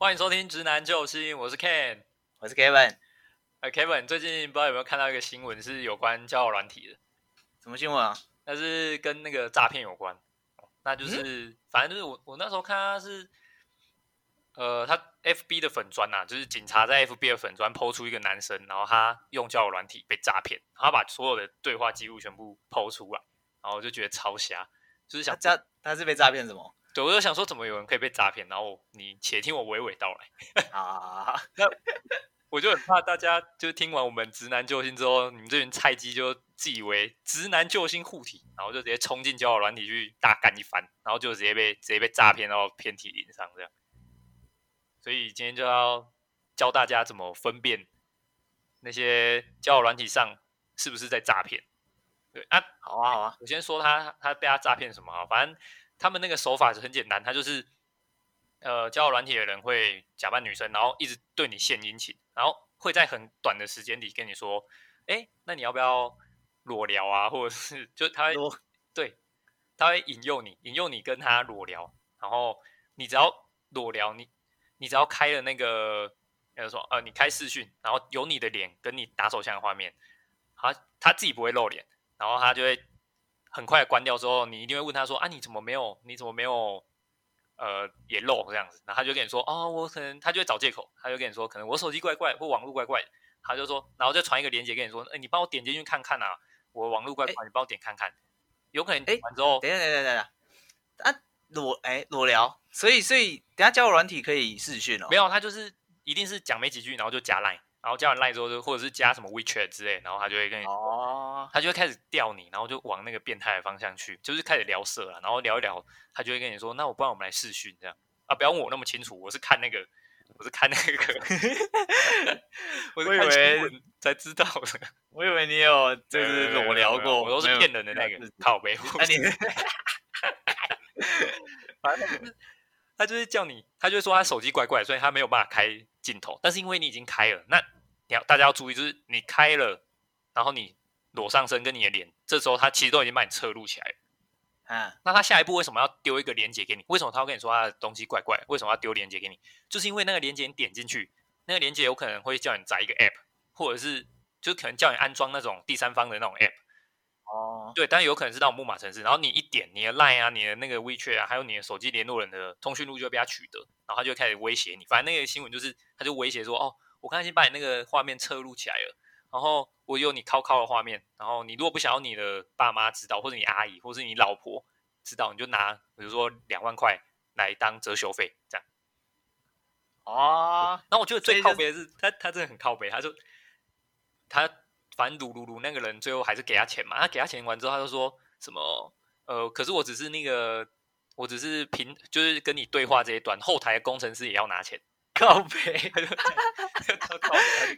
歡迎收聽《直男救星》，我是 Ken，我是 Kevin。呃、uh, Kevin 最近不知道有沒有看到一個新聞是有關交友軟體的？什麼新聞啊？但是跟那個詐騙有關。那就是，嗯、反正就是我我那時候看他是，呃，他 FB 的粉專啊，就是警察在 FB 的粉專 PO 出一個男生，然後他用交友軟體被詐騙，他把所有的對話記錄全部拋出來，然後我就覺得超瞎，就是想他他是被詐騙什麼？對，我就想說，怎麼有人可以被詐騙？然後你且聽我娓娓道來 啊！我就很怕大家，就聽完我們直男救星之後，你們這群菜雞就自以為直男救星護體，然後就直接衝進交友軟體去大幹一番，然後就直接被直接被詐騙，到遍體鱗傷這樣。所以今天就要教大家怎麼分辨那些交友軟體上是不是在詐騙。對啊，啊，好啊好啊，我先說他他被他詐騙什麼啊？反正。他們那個手法是很簡單，他就是，呃，交友軟體的人會假扮女生，然後一直對你獻殷勤，然後會在很短的時間裡跟你說，哎、欸，那你要不要裸聊啊？或者是就他會，裸對，他會引誘你，引誘你跟他裸聊，然後你只要裸聊，你你只要開了那個，比如說呃，你開視訊，然後有你的臉跟你打手槍的畫面，好，他自己不會露臉，然後他就會。嗯很快的關掉之後，你一定會問他說：“啊，你怎麼沒有？你怎麼沒有？呃，也漏這樣子。”那他就跟你說：“哦，我可能……他就會找借口，他就跟你說：‘可能我手機怪怪，或網絡怪怪。’他就說，然後再傳一個鏈接跟你說：‘哎、欸，你幫我點進去看看啊，我網絡怪怪，欸、你幫我點看看。’有可能點完之後，欸、等下等下等下，啊，裸哎、欸、裸聊，所以所以等下交我軟體可以視訊哦。沒有，他就是一定是講沒幾句，然後就加 Line。”然後加完賴之後，就或者是加什麼 WeChat、er、之類，然後他就會跟你，哦，他就會開始釣你，然後就往那個變態的方向去，就是開始聊色了。然後聊一聊，他就會跟你說，那我不然我們來視訊這樣啊？不要問我那麼清楚，我是看那個，我是看那個，我以為 才知道的。我以為你有就是裸聊過、嗯，我都是騙人的那個，好草莓。那他就是叫你，他就說他手機怪怪，所以他沒有辦法開鏡頭。但是因為你已經開了，那你要大家要注意，就是你開了，然後你裸上身跟你的臉，這時候他其實都已經把你側錄起來了。啊，那他下一步為什麼要丟一個連接給你？為什麼他會跟你說他的東西怪怪？為什麼要丟連接給你？就是因為那個連接你點進去，那個連接有可能會叫你載一個 app，或者是就可能叫你安裝那種第三方的那種 app。對，但有可能是到木馬城市，然後你一點你的 LINE 啊、你的那個 WeChat 啊，還有你的手機聯絡人的通訊錄就會被他取得，然後他就開始威脅你。反正那個新聞就是，他就威脅說：“哦，我剛才已經把你那個畫面側錄起來了，然後我有你靠靠的畫面，然後你如果不想要你的爸媽知道，或者你阿姨，或者你老婆知道，你就拿比如說兩萬塊來當遮羞費，這樣。啊”哦，那我覺得最靠北的是、就是、他，他真的很靠北。他說他。反正擼擼那個人最後還是給他錢嘛。他給他錢完之後，他就說什麼？呃，可是我只是那個，我只是憑，就是跟你對話這一段，後台的工程師也要拿錢。靠背，他就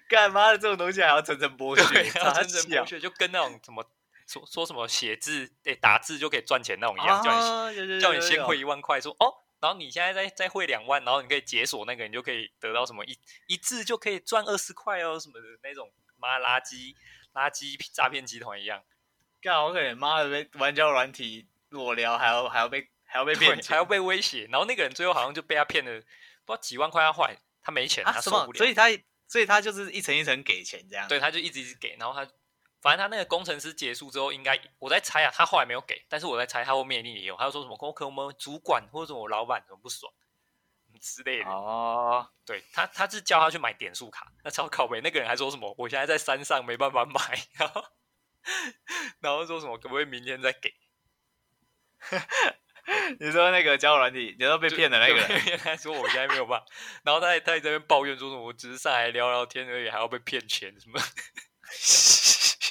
幹嘛的？這種東西還要層層剝削？層層剝削就跟那種什麼說說什麼寫字誒、欸、打字就可以賺錢那種一樣，啊、叫，你叫你先匯一萬塊，說哦，然後你現在再再匯兩萬，然後你可以解鎖那個，你就可以得到什麼一一字就可以賺二十塊哦什麼的那種。媽垃圾，垃圾詐騙集團一樣，幹好可憐，媽的被玩交友軟體裸聊，還要還要被還要被騙，還要被威脅，然後那個人最後好像就被他騙了，不知道幾萬塊要換，他，他沒錢，啊、他受不了。所以他所以他就是一層一層給錢這樣，對，他就一直一直給，然後他反正他那個工程師結束之後應，應該我在猜啊，他後來沒有給，但是我在猜他後面那裡有一定，他要說什麼可我們主管或者我老板怎麼不爽，之類的哦，oh. 對他，他是叫他去買點數卡，那超靠北，那個人還說什麼，我現在在山上沒辦法買，然後, 然後說什麼，可不可以明天再給？ 你說那個交流軟體，你要被騙的那個人，他說我現在沒有辦法， 然後他還他還在那邊抱怨說什麼，我只是上來聊聊天而已，還要被騙錢什麼，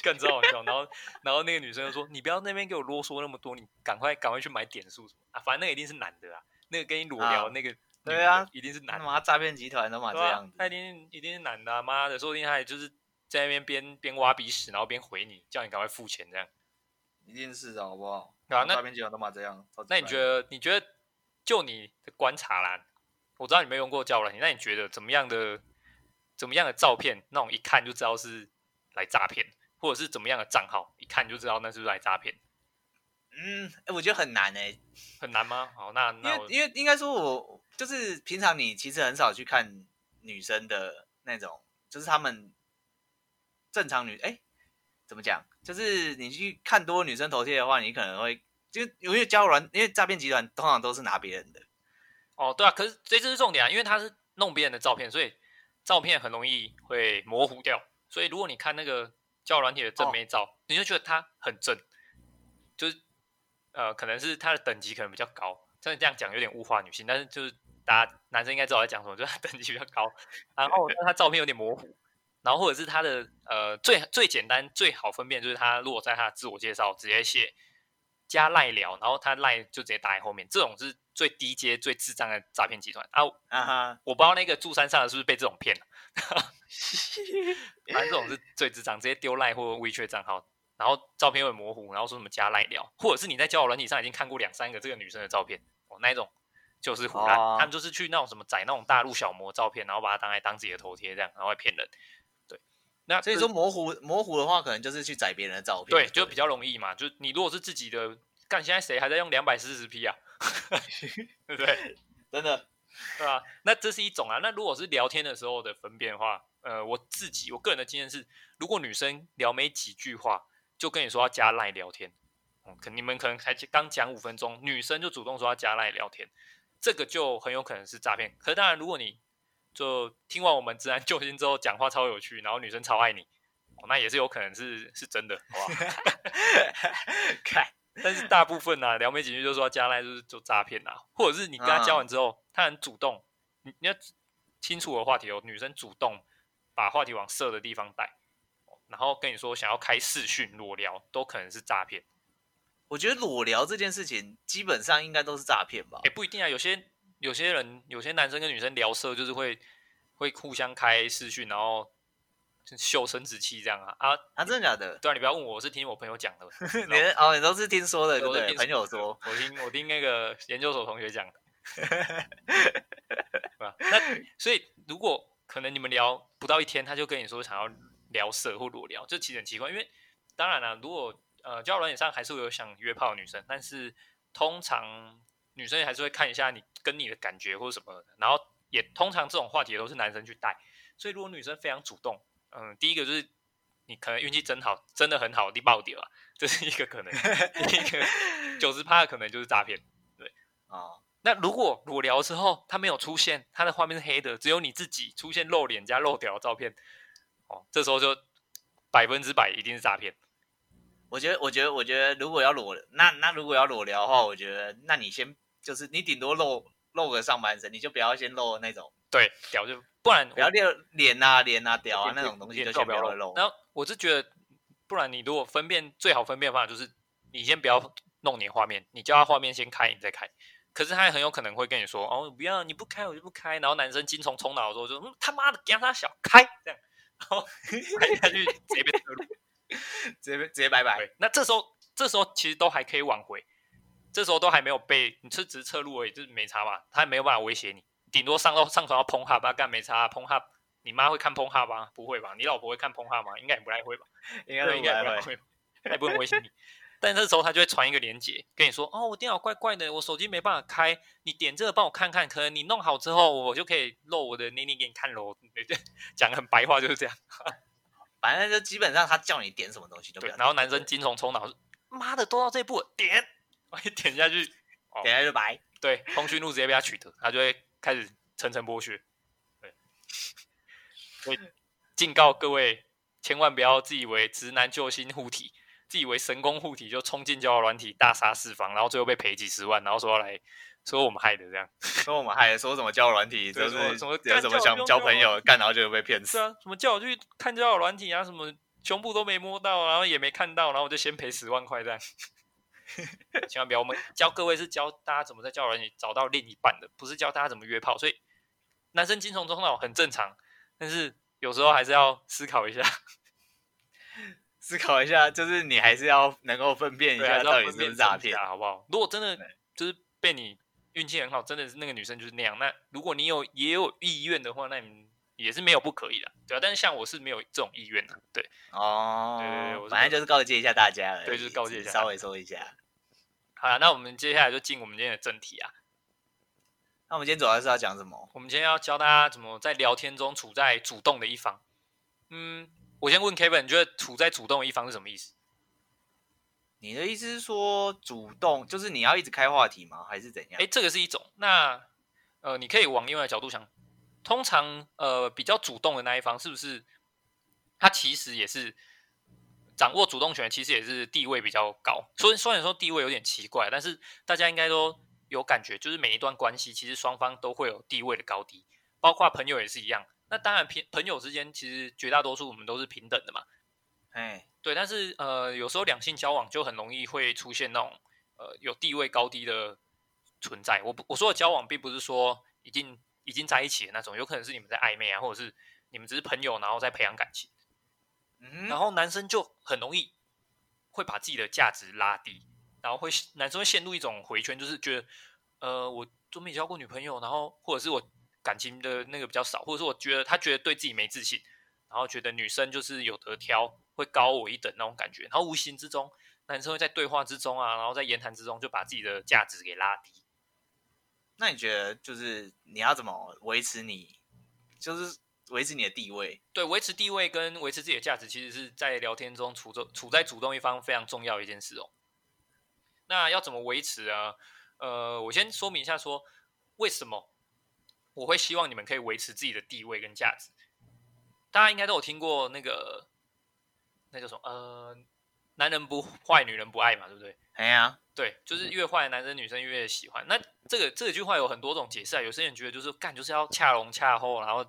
更糟糕，然後，然後那個女生就說， 你不要那邊給我囉嗦那麼多，你趕快趕快去買點數什麼啊，反正那個一定是男的啊，那個跟你裸聊、um. 那個。對啊，一定是男的嘛，啊！詐騙集團的嘛，這樣子，他一定一定是男的，媽的！說不定他也就是在那邊邊邊挖鼻屎，然後邊回你，叫你趕快付錢，這樣，一定是的，好不好？啊，那詐騙集團的嘛，這樣。那你覺得？你覺得？就你的觀察啦，我知道你沒用過教了。你那你覺得怎麼樣的？怎麼樣的照片？那種一看就知道是來詐騙，或者是怎麼樣的賬號？一看就知道那是不是來詐騙？嗯，哎，欸，我覺得很難哎，欸。很難嗎？好，那那因，因為因為應該說我。就是平常你其實很少去看女生的那種，就是他們正常女哎、欸，怎麼講？就是你去看多女生頭貼的話，你可能會，就有些為交友軟，因為詐騙集團通常都是拿別人的。哦，對啊，可是所以這就是重點啊，因為他是弄別人的照片，所以照片很容易會模糊掉。所以如果你看那個交友軟體的正面照，哦、你就覺得她很正。就是呃，可能是她的等級可能比較高。像你這樣講有點物化女性，但是就是。大家男生應該知道我在講什麼，就是他等級比較高，然後他照片有點模糊，然後或者是他的呃，最最簡單最好分辨就是他如果在他的自我介紹直接寫加賴聊，然後他賴就直接打在後面，這種是最低階最智障的詐騙集團啊！啊哈，uh huh. 我不知道那個住山上的是不是被這種騙了，反正 這種是最智障，直接丟賴或 WeChat 賬號，然後照片有點模糊，然後說什麼加賴聊，或者是你在交友軟體上已經看過兩三個這個女生的照片，哦，那一種？就是虎賴，哦啊、他們就是去那種什麼載那種大陸小模的照片，然後把它拿來當自己的頭貼，這樣然後騙人。對，那所以說模糊模糊的話，可能就是去載別人的照片。對，對就比較容易嘛。就你如果是自己的，看現在誰還在用兩百四十 P 啊？對 不對？真的，對吧、啊？那這是一種啊。那如果是聊天的時候的分辨的話，呃，我自己我個人的經驗是，如果女生聊沒幾句話，就跟你說要加賴聊天，嗯，可你們可能才剛講五分鐘，女生就主動說要加賴聊天。這個就很有可能是詐騙。可是當然，如果你就聽完我們直男救星之後，講話超有趣，然後女生超愛你，哦，那也是有可能是是真的，好不好？看， 但是大部分啊，聊沒幾句就說要加 LINE 就是做詐騙啊，或者是你跟他交完之後，他很主動，uh. 你要清楚的話題哦，女生主動把話題往色的地方帶，然後跟你說想要開視訊裸聊，都可能是詐騙。我覺得裸聊這件事情，基本上應該都是詐騙吧？哎、欸，不一定啊。有些有些人，有些男生跟女生聊色，就是會會互相開視訊，然後秀生殖器這樣啊啊啊！真的假的？對啊，你不要問我，我是聽我朋友講的。你 哦，你都是聽說的？後對，朋友說。我聽我聽那個研究所同學講的。 那所以如果可能你們聊不到一天，他就跟你說想要聊色或裸聊，就其實很奇怪，因為當然了、啊，如果。呃，交友軟件上還是會有想約炮的女生，但是通常女生還是會看一下你跟你的感覺或者什麼，然後也通常這種話題都是男生去帶，所以如果女生非常主動，嗯、呃，第一個就是你可能運氣真好，真的很好你爆掉了，這是一個可能， 一個九十趴可能就是詐騙，對啊、 哦。那如果裸聊之後他沒有出現，他的畫面是黑的，只有你自己出現露臉加露屌照片，哦，這時候就百分之百一定是詐騙。我覺得，我覺得，我覺得，如果要裸，那那如果要裸聊的話，嗯、我覺得，那你先就是你頂多露露個上半身，你就不要先露那種對屌，就不然不要那臉啊臉啊屌啊那種東西就先不要露。然後我是覺得，不然你如果分辨最好分辨的方法就是，你先不要弄你畫面，你叫他畫面先開，你再開。可是他也很有可能會跟你說，哦不要，你不開我就不開。然後男生精蟲衝腦的時候，就、嗯、他媽的給他小開這樣，然後他就隨便透直接直接拜拜。那這時候，這時候其實都還可以挽回，這時候都還沒有被你是直測而已。就是沒差吧，他還沒有辦法威脅你，頂多上，上到上傳到 Pornhub 吧，幹沒差，Pornhub，你媽會看 Pornhub 嗎？不會吧？你老婆會看 Pornhub 嗎？應該也不太會吧？應該不太會，他也不太會 不威脅你。但這時候他就會傳一個連結，跟你說，哦，我電腦怪怪的，我手機沒辦法開，你點這個幫我看看，可能你弄好之後，我就可以露我的捏捏給你看嘍。講很白話就是這樣。 反正就基本上，他叫你點什麼東西都不要對。對然後男生精蟲沖腦，媽的，都到這步，點，一點下去，點、哦、下去白。對，通訊錄直接被他取得，他就會開始層層剝削。對， 所以警告各位，千萬不要自以為直男救星護體。自以為神功護體，就衝進交友軟體大殺四方，然後最後被賠幾十萬，然後說要來說我們害的這樣，說我們害的， 說什麼交友軟體，就麼什麼什麼想交朋友，幹然後就被騙死，是啊，什麼叫我就去看交友軟體啊，什麼胸部都沒摸到，然後也沒看到，然後我就先賠十萬塊這樣， 千萬不要，我們教各位是教大家怎麼在交友軟體找到另一半的，不是教大家怎麼約炮，所以男生精蟲衝腦很正常，但是有時候還是要思考一下。思考一下，就是你還是要能夠分辨一下到底對是不是詐騙，好不好？如果真的就是被你運氣很好，真的是那個女生就是那樣，那如果你有也有意願的話，那你也是沒有不可以的，對啊。但是像我是沒有這種意願的，對哦。對，對，對，我反正就是告誡一下大家了。對，就是告誡一下，稍微說一下。好啊，那我們接下來就進我們今天的正題啊。那我們今天主要是要講什麼？我們今天要教大家怎麼在聊天中處在主動的一方。嗯。我先問 Kevin，你覺得處在主動的一方是什麼意思？你的意思是說主動就是你要一直開話題嗎？還是怎樣？誒，這個是一種。那呃，你可以往另外的角度想。通常呃，比較主動的那一方是不是他其實也是掌握主動權，其實也是地位比較高。所以雖然說地位有點奇怪，但是大家應該都有感覺，就是每一段關係其實雙方都會有地位的高低，包括朋友也是一樣。那當然，平朋友之間其實絕大多數我們都是平等的嘛。哎嘿，對，但是呃，有時候兩性交往就很容易會出現那種呃，有地位高低的存在。我我說的交往，並不是說已經已經在一起的那種，有可能是你們在曖昧啊，或者是你們只是朋友，然後在培養感情。嗯哼，然後男生就很容易會把自己的價值拉低，然後會男生會陷入一種迴圈，就是覺得呃，我都沒交過女朋友，然後或者是我。感情的那個比較少，或者是我覺得他覺得對自己沒自信，然後覺得女生就是有得挑，會高我一等那種感覺，然後無形之中，男生會在對話之中啊，然後在言談之中就把自己的價值給拉低。那你覺得，就是你要怎麼維持你，就是維持你的地位？對，維持地位跟維持自己的價值，其實是在聊天中處着，處在主動一方非常重要的一件事哦。那要怎麼維持啊？呃，我先說明一下說，說為什麼。我會希望你們可以維持自己的地位跟價值。大家應該都有聽過那個，那叫什麼？呃，男人不壞，女人不愛嘛，對不對？哎呀、啊，對，就是越壞的男人，男生女生越喜歡。那這個這個、句話有很多種解釋啊。有些人覺得就是干就是要恰濃恰厚，然後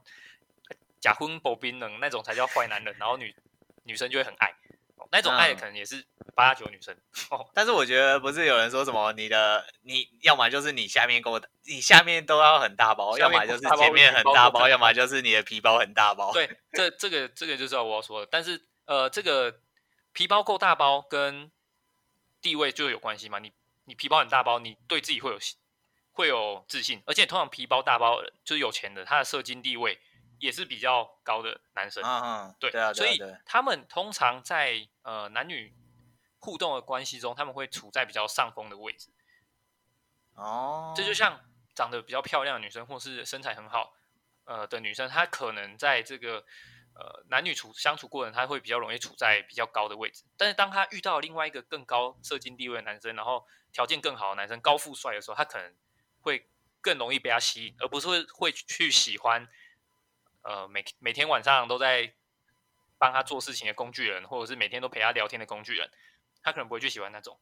假婚保冰冷那種才叫壞男人，然後女女生就會很愛。那種愛可能也是八九女生，嗯，但是我覺得不是有人說什麼，你的你要麼就是你下面夠我，你下面都要很大包，大包要麼就是前面很大包，包大包要麼就是你的皮包很大包。對，這這個這個就是我要說的，但是呃，這個皮包夠大包跟地位就有關係嘛？你你皮包很大包，你對自己會有會有自信，而且通常皮包大包就是有錢的，他的社經地位，也是比較高的男生，嗯嗯，嗯對，對啊，所以他們通常在呃男女互動的關係中，他們會處在比較上風的位置。哦，這就像長得比較漂亮的女生，或是身材很好呃的女生，她可能在這個呃男女處相處過程，她會比較容易處在比較高的位置。但是當她遇到另外一個更高社經地位的男生，然後條件更好的男生，高富帥的時候，她可能會更容易被他吸引，而不是會去喜歡。呃，每每天晚上都在幫他做事情的工具人，或者是每天都陪他聊天的工具人，他可能不會去喜歡那種。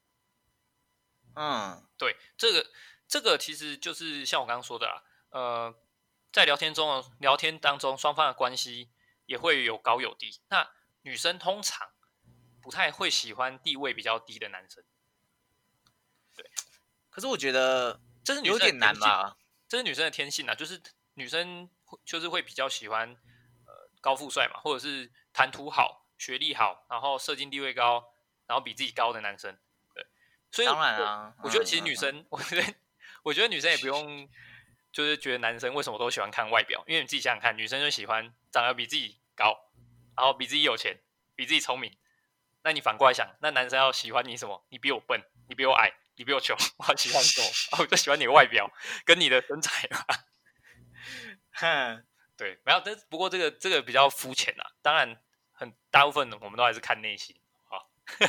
嗯，對，這個這個其實就是像我剛剛說的啊，呃，在聊天中啊，聊天當中雙方的關係也會有高有低。那女生通常不太會喜歡地位比較低的男生。對，可是我覺得這是有點難吧？這是女生的天性啊，就是女生。就是會比較喜歡，呃，高富帥嘛，或者是談吐好、學歷好，然後社經地位高，然後比自己高的男生。對，所以當然啊，我覺得其實女生，嗯、我覺得、嗯、我覺得女生也不用，就是覺得男生為什麼都喜歡看外表？因為你自己想想看，女生就喜歡長得比自己高，然後比自己有錢，比自己聰明。那你反過來想，那男生要喜歡你什麼？你比我笨，你比我矮，你比我窮，我還喜歡什麼？然後我就喜歡你的外表 跟你的身材嘛。哼， 對，沒有，這不過這個這個比較膚淺吶、啊。當然，很大部分我們都還是看內心啊。哦、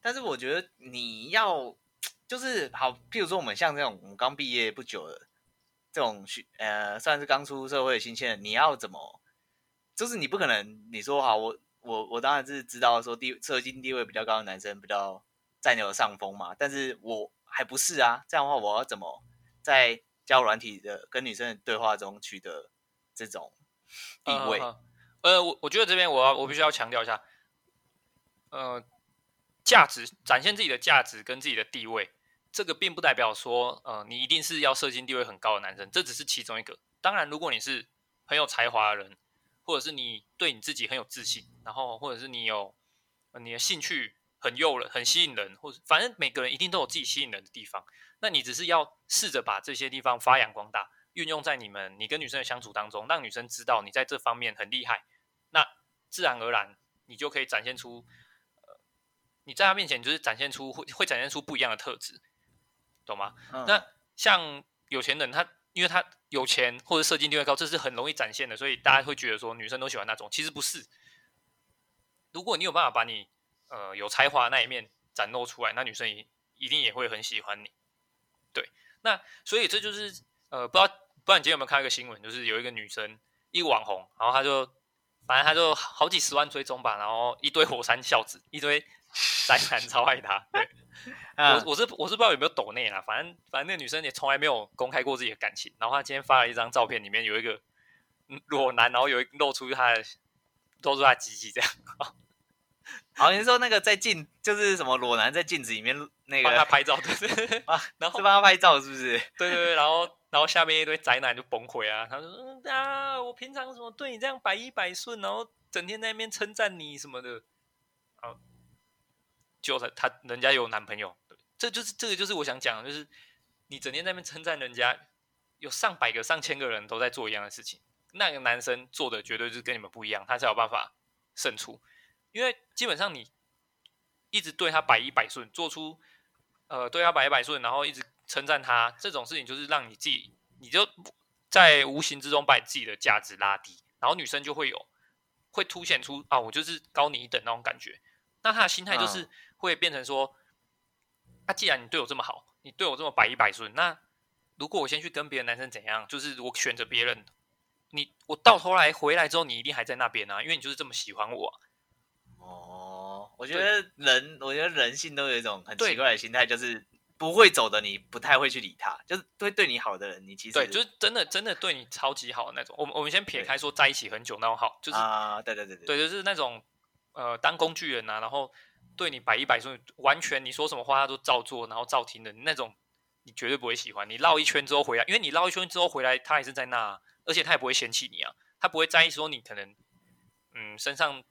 但是我覺得你要就是好，譬如說我們像這種剛畢業不久的這種學，呃，算是剛出社會新鮮的，你要怎麼？就是你不可能你說好，我我我當然是知道說地社經地位比較高的男生比較佔有上風嘛。但是我還不是啊，這樣的話我要怎麼在？交友軟體的跟女生的對話中取得這種地位，嗯，呃、嗯，我、嗯、我覺得這邊我要我必須要強調一下，呃，價值，展現自己的價值跟自己的地位，這個並不代表說，呃，你一定是要社交地位很高的男生，這只是其中一個。當然，如果你是很有才華的人，或者是你對你自己很有自信，然後或者是你有、呃、你的興趣。很誘人，很吸引人，或者反正每個人一定都有自己吸引人的地方。那你只是要試着把這些地方發揚光大，運用在你們你跟女生的相處當中，讓女生知道你在這方面很厲害。那自然而然，你就可以展現出，呃，你在他面前就是展現出會會展現出不一樣的特質，懂嗎？嗯、那像有錢人，他因為他有錢或者社交地位高，這是很容易展現的，所以大家會覺得說女生都喜歡那種。其實不是，如果你有辦法把你。呃，有才華的那一面展露出來，那女生也一定也會很喜歡你。對，那所以這就是呃，不知道，不知道你今天有沒有看一個新聞，就是有一個女生一網紅，然後她就反正她就好幾十萬追蹤吧，然後一堆火山孝子，一堆宅男超愛她。 對，我我是我是不知道有沒有抖內啦，反正反正那個女生也從來沒有公開過自己的感情，然後她今天發了一張照片，裡面有一個裸男，然後有一露出他的露出他雞雞，這樣。 好，你說那個在鏡，就是什麼裸男在鏡子裡面，那個幫他拍照，對不對是、啊、然後是幫他拍照，是不是？對對對，然後然後下面一堆宅男就崩潰啊！他說：“嗯啊，我平常怎麼對你這樣百依百順，然後整天在那邊稱讚你什麼的。”好，就是他，他人家有男朋友，對，這就是這個就是我想講的，就是你整天在那邊稱讚人家，有上百個、上千個人都在做一樣的事情，那個男生做的絕對是跟你們不一樣，他才有辦法勝出。因為基本上你一直對他百依百順，做出呃對他百依百順，然後一直稱讚他，這種事情就是讓你自己，你就在無形之中把你自己的價值拉低，然後女生就會有會凸顯出啊，我就是高你一等那種感覺。那他的心態就是會變成說，那、嗯啊、既然你對我這麼好，你對我這麼百依百順，那如果我先去跟別的男生怎樣，就是我選擇別人，你我到頭來回來之後，你一定還在那邊啊，因為你就是這麼喜歡我。我覺得人，對我覺得人性都有一種很奇怪的心態，對就是不會走的你不太會去理他，就是對對你好的人，你其實對，就是真的真的對你超級好的那種。我們我們先撇開說在一起很久那種好，對就是啊，對對對對，對就是那種呃，當工具人吶啊，然後對你百依百順，完全你說什麼話他都照做，然後照聽的那種，你絕對不會喜歡。你繞一圈之後回來，因為你繞一圈之後回來，他還是在那啊，而且他也不會嫌棄你啊，他不會在意說你可能嗯身上。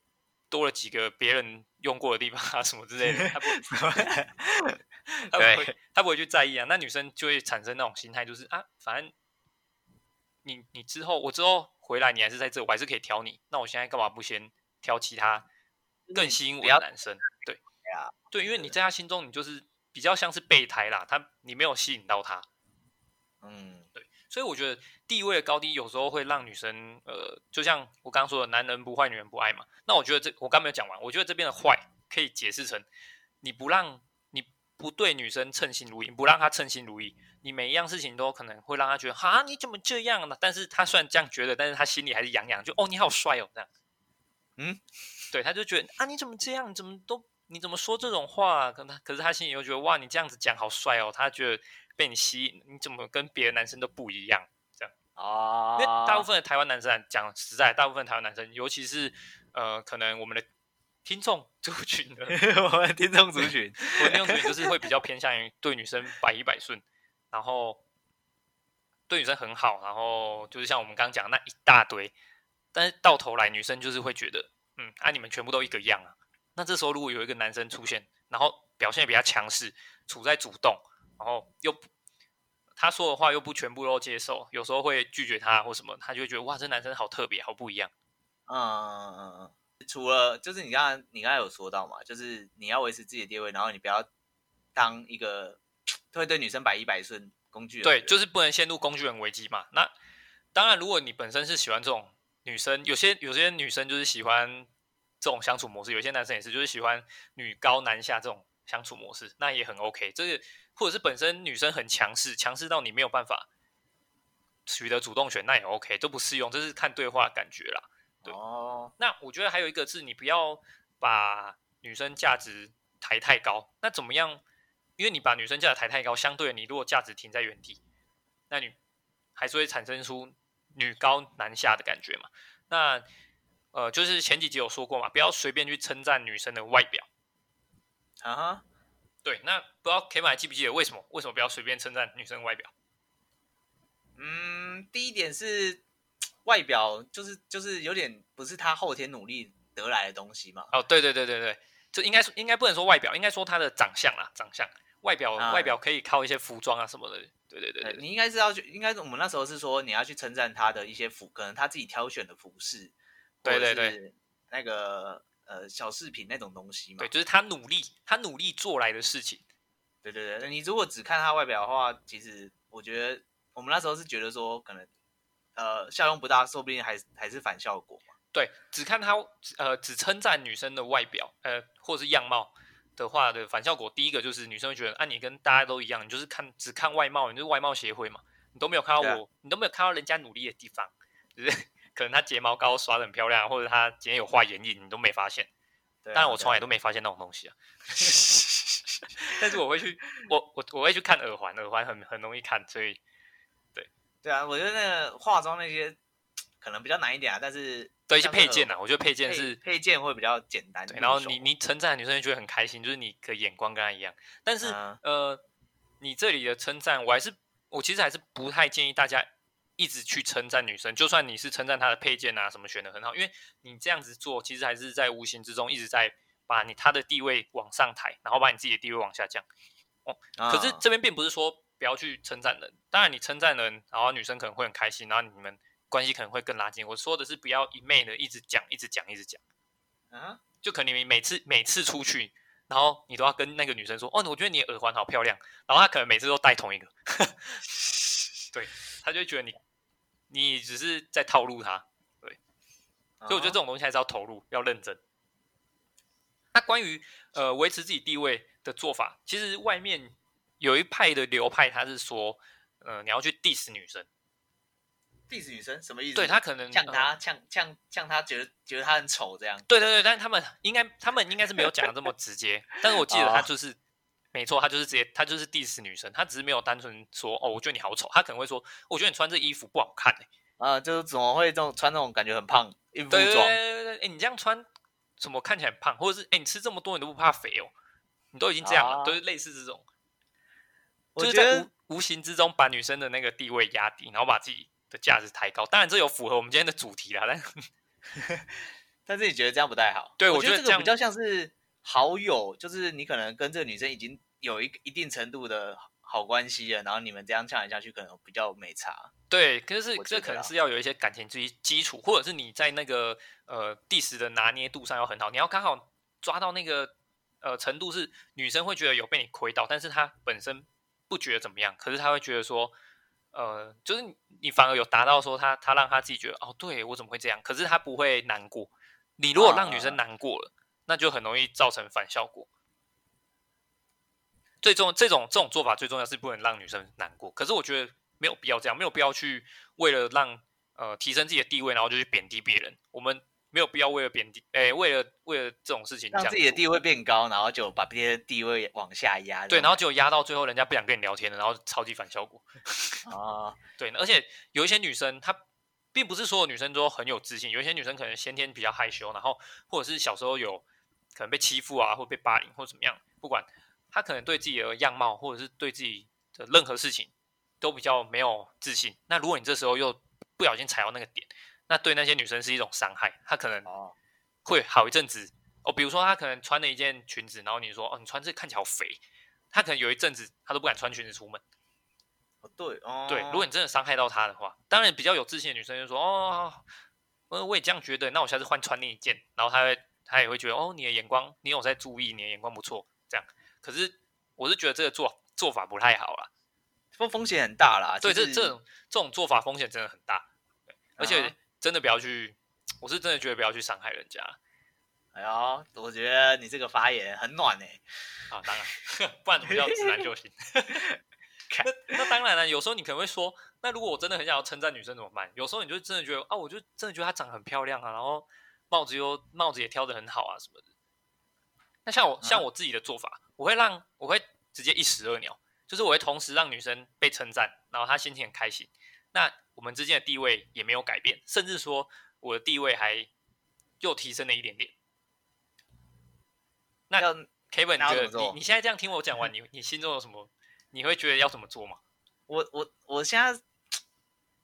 多了幾個別人用過的地方啊，什麼之類的，他不會 對，他不會去在意啊。那女生就會產生那種心態，就是啊，反正你你之後我之後回來，你還是在這，我還是可以挑你。那我現在幹嘛不先挑其他更吸引我的男生？對對，因為你在他心中，你就是比較像是備胎啦。他你沒有吸引到他，嗯。所以我覺得地位的高低有時候會讓女生，呃，就像我剛剛說的，男人不壞女人不愛嘛。那我覺得這我剛剛沒有講完，我覺得這邊的壞可以解釋成你不讓你不對女生稱心如意，不讓她稱心如意，你每一樣事情都可能會讓她覺得哈，你怎麼這樣呢？但是她雖然這樣覺得，但是她心裡還是癢癢，就哦你好帥哦這樣，嗯，對，他就覺得啊你怎麼這樣？怎麼都你怎麼說這種話？可能可是他心裡又覺得哇你這樣子講好帥哦，他覺得。被你吸引，你怎麼跟別的男生都不一樣？這樣啊？Oh. 因為大部分的台灣男生講實在，大部分台灣男生，尤其是呃，可能我們的聽眾族群， 我們的聽眾族群， 我們的聽眾族群就是會比較偏向於對女生百依百順，然後對女生很好，然後就是像我們剛剛講的那一大堆，但是到頭來女生就是會覺得，嗯，啊，你們全部都一個樣啊。那這時候如果有一個男生出現，然後表現也比較強勢，處在主動。然後又，他說的話又不全部都接受，有時候會拒絕他或什麼，他就會覺得哇，這男生好特別，好不一樣。嗯嗯嗯。除了就是你剛剛你剛才有說到嘛，就是你要維持自己的地位，然後你不要當一個、嗯、會對女生百依百順工具人。對，對就是不能陷入工具人危機嘛。那當然，如果你本身是喜歡這種女生，有些有些女生就是喜歡這種相處模式，有些男生也是，就是喜歡女高男下這種。相處模式那也很 OK，這是或者是本身女生很強勢，強勢到你沒有辦法取得主動權，那也 OK，都不適用，這是看對話的感覺啦。對哦，那我覺得還有一個是，你不要把女生價值抬太高。那怎麼樣？因為你把女生價值抬太高，相對你如果價值停在原地，那你還是會產生出女高男下的感覺嘛。那呃，就是前幾集有說過嘛，不要隨便去稱讚女生的外表。啊哈，uh huh. 對，那不知道 K m 還記不記得為什麼？為什麼不要隨便稱讚女生的外表？嗯，第一點是外表，就是就是有點不是她後天努力得來的東西嘛。哦，對對對對對，就應該說應該不能說外表，應該說她的長相啦，長相。外表、uh, 外表可以靠一些服裝啊什麼的。對對對，對，對，你應該知道，去，應該我們那時候是說你要去稱讚她的一些服，可能她自己挑選的服飾。那個、對對對，那個。呃，小飾品那種東西嘛，對，就是他努力，他努力做來的事情。對對對，你如果只看他外表的話，其實我覺得我們那時候是覺得說，可能呃效用不大，說不定還是還是反效果嘛。對，只看他呃只稱讚女生的外表，呃或者是樣貌的話的反效果，第一個就是女生會覺得，啊你跟大家都一樣，你就是看只看外貌，你就是外貌協會嘛，你都沒有看到我，啊、你都沒有看到人家努力的地方，對不對？可能她睫毛膏刷的很漂亮，或者她今天有畫眼影，你都沒發現。對、啊，但我從來都沒發現那種東西啊。 但是我會去，我我我會去看耳環，耳環很很容易看，所以對對啊，我覺得那個化妝那些可能比較難一點啊，但是、那個、對一些配件啊，我覺得配件是配,配件會比較簡單。對然後你你稱讚女生就覺得很開心，就是你的眼光跟她一樣。但是、啊、呃，你這裡的稱讚，我還是我其實還是不太建議大家。一直去稱讚女生，就算你是稱讚她的配件啊，什麼選的很好，因為你這樣子做，其實還是在無形之中一直在把你她的地位往上抬，然後把你自己的地位往下降。哦，啊、可是這邊並不是說不要去稱讚人，當然你稱讚人，然後女生可能會很開心，然後你們關係可能會更拉近。我說的是不要一昧的一直講，一直講，一直講。一直講啊？就可能你每次每次出去，然後你都要跟那個女生說：“哦，我覺得你耳環好漂亮。”然後她可能每次都戴同一個， 對，她就會覺得你。你只是在套路他，對，所以我覺得這種東西還是要投入，uh huh. 要認真。那關於呃維持自己地位的做法，其實外面有一派的流派，他是說，呃，你要去 diss 女生，diss 女生什麼意思？對他可能像他，呃，像像像他覺得覺得他很醜這樣。對對對，但是他們應該他們應該是沒有講的這麼直接， 但是我記得他就是。Oh. 沒錯，他就是直接，她就是 diss 女生，他只是沒有單純說，哦，我覺得你好醜，他可能會說，我覺得你穿這衣服不好看哎、欸，啊，就是怎麼會這種穿那種感覺很胖，服服對對對哎、欸，你這樣穿怎麼看起來很胖，或者是哎、欸，你吃這麼多你都不怕肥哦、喔，你都已經這樣了，啊、都是類似這種，就是、我覺得在無形之中把女生的那個地位壓低，然後把自己的價值抬高，當然這有符合我們今天的主題啦，但是 但是你覺得這樣不太好？對，我覺得這個比較像是。好友就是你，可能跟這個女生已經有一一定程度的好關係了，然後你們這樣嗆來嗆去，可能比較沒差。對，可是這可能是要有一些感情基基礎，或者是你在那個呃 dis 的拿捏度上要很好。你要剛好抓到那個呃程度，是女生會覺得有被你虧到，但是她本身不覺得怎麼樣。可是她會覺得說，呃，就是你反而有達到說她，她她讓她自己覺得，哦，對，我怎麼會這樣？可是她不會難過。你如果讓女生難過了。啊那就很容易造成反效果。最重，這種這種做法最重要是不能讓女生難過。可是我覺得沒有必要這樣，沒有必要去為了讓呃提升自己的地位，然後就去貶低別人。我們沒有必要為了貶低，哎、欸，為了為了這種事情這樣，讓自己的地位變高，然後就把別人的地位往下壓。對，然後就壓到最後，人家不想跟你聊天了，然後超級反效果。啊、 哦，對，而且有一些女生她並不是所有女生都很有自信，有一些女生可能先天比較害羞，然後或者是小時候有。可能被欺負啊，或被霸凌或怎麼樣，不管他可能對自己的樣貌或者是對自己的任何事情都比較沒有自信。那如果你這時候又不小心踩到那個點，那對那些女生是一種傷害。她可能會好一陣子。哦，比如說她可能穿了一件裙子，然後你說：“哦，你穿這看起來好肥。”她可能有一陣子她都不敢穿裙子出門。哦，對，哦、對。如果你真的傷害到她的話，當然比較有自信的女生就說：“哦，我也這樣覺得。那我下次換穿那一件。”然後她會。他也會覺得哦，你的眼光，你有在注意，你的眼光不錯。這樣，可是我是覺得這個做做法不太好啦，風風險很大啦。就是、對，這這種這種做法風險真的很大，而且真的不要去，啊、哈我是真的覺得不要去傷害人家。哎呦，我覺得你這個發言很暖哎。啊，當然，不然怎麼叫直男救星 那。那當然了、啊，有時候你可能會說，那如果我真的很想要稱讚女生怎麼辦？有時候你就真的覺得啊，我就真的覺得她長得很漂亮啊，然後。帽子又帽子也挑得很好啊，什麼的。那像我，像我自己的做法，啊、我會讓，我會直接一石二鳥，就是我會同時讓女生被稱讚，然後她心情很開心。那我們之間的地位也沒有改變，甚至說我的地位還又提升了一點點。那 Kevin，要你你你現在這樣聽我講完，你你心中有什麼？你會覺得要怎麼做嗎？我我我現在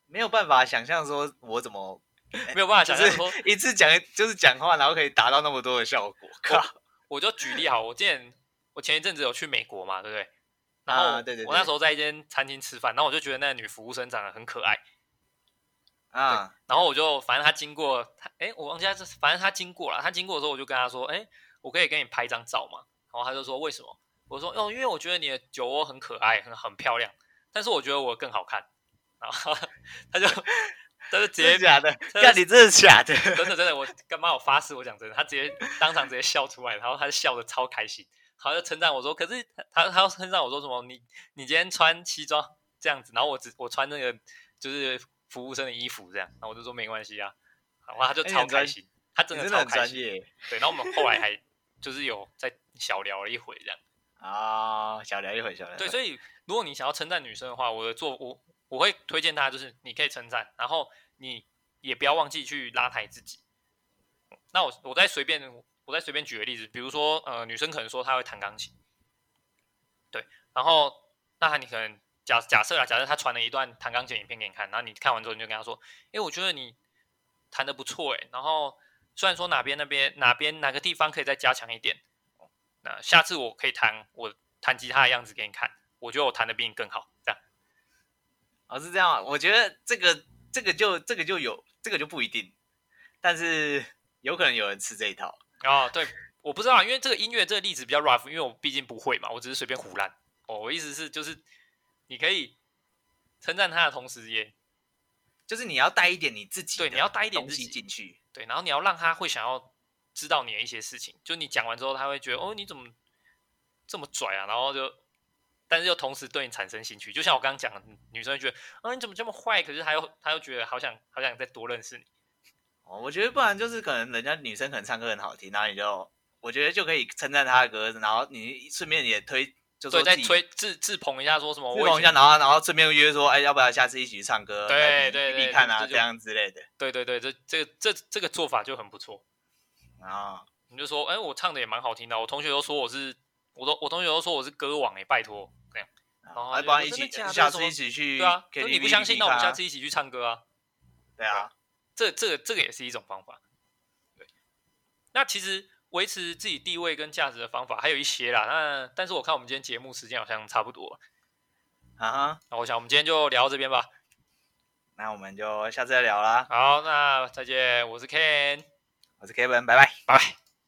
沒有辦法想象說我怎麼。沒有辦法想象就是說是一次講，就是講話，然後可以達到那麼多的效果。我，我就舉例好，我之前我前一陣子有去美國嘛，對不對？然後、啊、對對對，我那時候在一間餐廳吃飯，然後我就覺得那個女服務生長得很可愛啊。然後我就反正她經過，她哎，我忘記她是反正她經過了，她經、經過的時候我就跟她說，哎，我可以跟你拍一張照嗎？然後她就說為什麼？我說、哦、因為我覺得你的酒窩很可愛，很很漂亮，但是我覺得我更好看。然後她就。 這是真的假的？看是你真是假的？真的真的，我幹嘛？我發誓，我講真的。他直接當場直接笑出來，然後他就笑得超開心，然後稱讚我說：“可是他他稱讚我說什麼？你你今天穿西裝這樣子，然後我只我穿那個就是服務生的衣服這樣，然後我就說沒關係啊。”然後他就超開心，欸、很專業他真的超開心。對，然後我們後來還就是有再小聊了一回這樣啊、哦，小聊一會小聊會。對，所以如果你想要稱讚女生的話，我的做我。我會推薦他，就是你可以稱讚，然後你也不要忘記去拉抬自己。那我我再隨便我再隨便舉個例子，比如說呃，女生可能說她會彈鋼琴，對，然後那你可能假假設啊，假設她傳了一段彈鋼琴影片給你看，然後你看完之後你就跟她說，欸，我覺得你彈得不錯哎、欸，然後雖然說哪邊那邊哪邊哪個地方可以再加強一點，那下次我可以彈我彈吉他的樣子給你看，我覺得我彈得比你更好。哦，是這樣啊，我覺得這個這個就這個就有這個就不一定，但是有可能有人吃這一套哦，對，我不知道啊，因為這個音樂這個例子比較 rough，因為我畢竟不會嘛，我只是隨便唬爛。哦，我意思是就是你可以稱讚他的同時，也就是你要帶一點你自己的東西，對，你要帶一點自己進去，對，然後你要讓他會想要知道你的一些事情，就你講完之後，他會覺得哦，你怎麼這麼拽啊，然後就。但是又同時對你產生興趣，就像我剛剛講的，女生就覺得啊、呃、你怎麼這麼壞，可是她又她又覺得好想好想再多認識你。哦，我覺得不然就是可能人家女生可能唱歌很好聽，然後你就我覺得就可以稱讚她的歌，然後你順便也推，就說對，再吹自自捧一下說什麼我捧一下，然後然後順便約說哎、欸，要不要下次一起去唱歌，對對，對你，你看啊對對對，這樣之類的。對對對，這這這這個做法就很不錯啊！然後你就說哎、欸，我唱的也蠻好聽的，我同學都說我是。我都我同學都說我是歌王哎、欸，拜託，這樣好，然後要不一起？啊、下次一起去？對啊，你不相信，那我們下次一起去唱歌啊？對啊，對這這個、這個也是一種方法。對，那其實維持自己地位跟價值的方法還有一些啦。那但是我看我們今天節目時間好像差不多啊，那、uh huh. 我想我們今天就聊到這邊吧。那我們就下次再聊啦。好，那再見，我是 Ken，我是 Kevin，拜拜，拜拜。Bye.